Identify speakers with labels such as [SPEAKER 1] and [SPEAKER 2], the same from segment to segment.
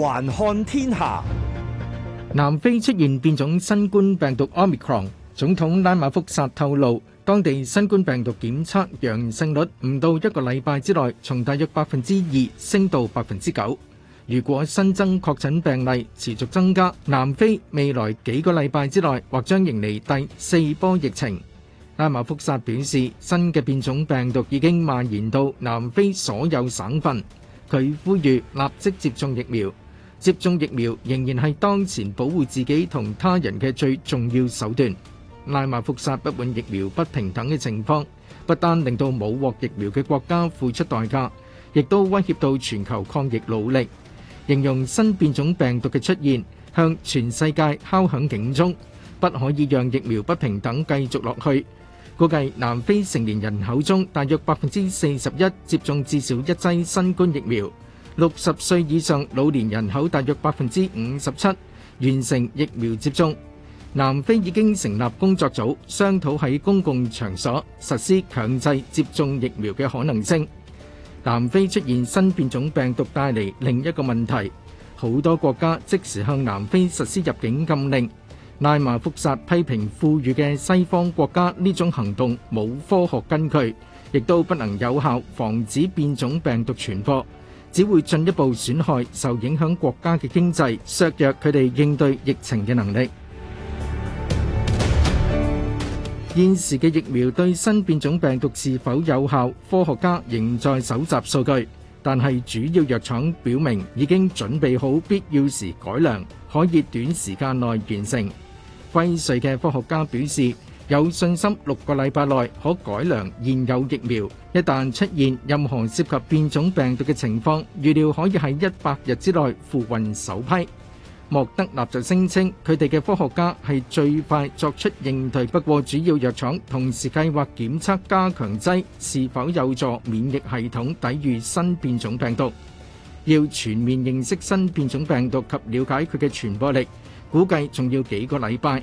[SPEAKER 1] 環看天下，南非出現變種新冠病毒 Omicron，總統拉馬福薩透露，當地新冠病毒檢測陽性率唔到一個禮拜之內，從大約百分之二升到百分之九。如果新增確診病例持續增加，南非未來幾個禮拜之內或將迎嚟第四波疫情。拉馬福薩表示，新嘅變種病毒已經蔓延到南非所有省份，佢呼籲立即接種疫苗。接種疫苗仍然係當前保護自己同他人嘅最重要手段。拉馬福薩不滿疫苗不平等嘅情況，不單令到冇獲疫苗嘅國家付出代價，亦都威脅到全球抗疫努力，形容新變種病毒嘅出現向全世界敲響警鐘，不可以讓疫苗不平等繼續落去。估計南非成年人口中大約60歲以上，老年人口大約57%，完成疫苗接種。南非已經成立工作組，商討喺公共場所，實施強制接種疫苗嘅可能性。南非出現新變種病毒帶嚟另一個問題。好多國家即時向南非實施入境禁令。拉馬福薩批評富裕嘅西方國家呢種行動冇科學根據，亦都不能有效防止變種病毒傳播。只會進一步損害受影響國家嘅經濟，削弱佢哋應對疫情嘅能力。現時嘅疫苗對新變種病毒是否有效，科學家仍在搜集數據。但係主要藥廠表明已經準備好必要時改良，可以短時間內完成。輝瑞嘅科學家表示。有信心六個禮拜內可改良現有疫苗，一旦出現任何涉及變種病毒嘅情況，預料可以喺一百日之內付運首批。莫德納就聲稱佢哋嘅科學家係最快作出應對，不過主要藥廠同時計劃檢測加強劑是否有助免疫系統抵禦新變種病毒。要全面認識新變種病毒及瞭解佢嘅傳播力，估計仲要幾個禮拜。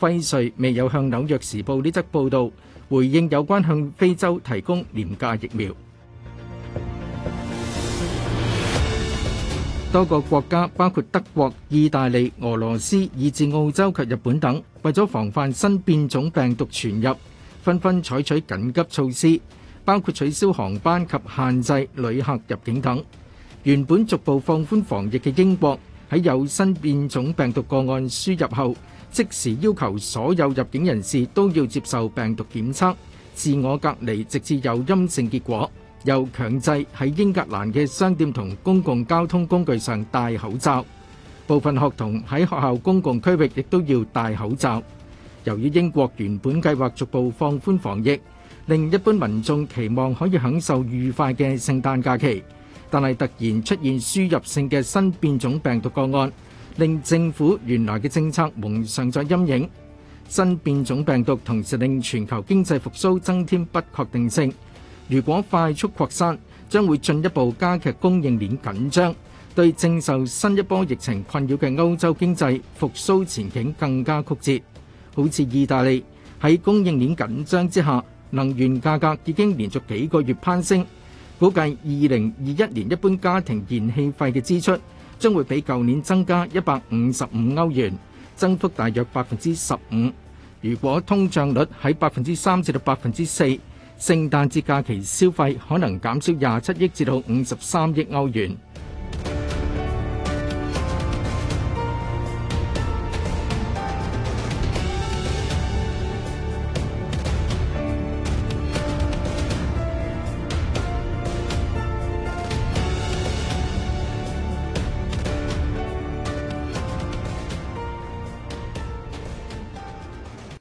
[SPEAKER 1] 輝瑞未有向《紐約時報》呢則報道回應有關向非洲提供廉價疫苗。多個國家包括德國、意大利、俄羅斯以至澳洲及日本等，為咗防範新變種病毒傳入，紛紛採取緊急措施，包括取消航班及限制旅客入境等。原本逐步放寬防疫嘅英國，喺有新變種病毒個案輸入後，即時要求所有入境人士都要接受病毒檢測，自我隔離直至有陰性結果，又強制喺英格蘭嘅商店同公共交通工具上戴口罩，部分學童喺學校公共區域亦都要戴口罩，由於英國原本計劃逐步放寬防疫，令一般民眾期望可以享受愉快嘅聖誕假期，但係突然出現輸入性的新變種病毒個案令政府原來嘅政策蒙上咗陰影，新變種病毒同時令全球經濟復甦增添不確定性。如果快速擴散，將會進一步加劇供應鏈緊張，對正受新一波疫情困擾嘅歐洲經濟復甦前景更加曲折。好似意大利喺供應鏈緊張之下，能源價格已經連續幾個月攀升，估計2021年一般家庭燃氣費嘅支出，將會比舊年增加一百五十五歐元，增幅大約百分之十五。如果通脹率喺百分之三至到百分之四，聖誕節假期消費可能減少廿七億至到五十三億歐元。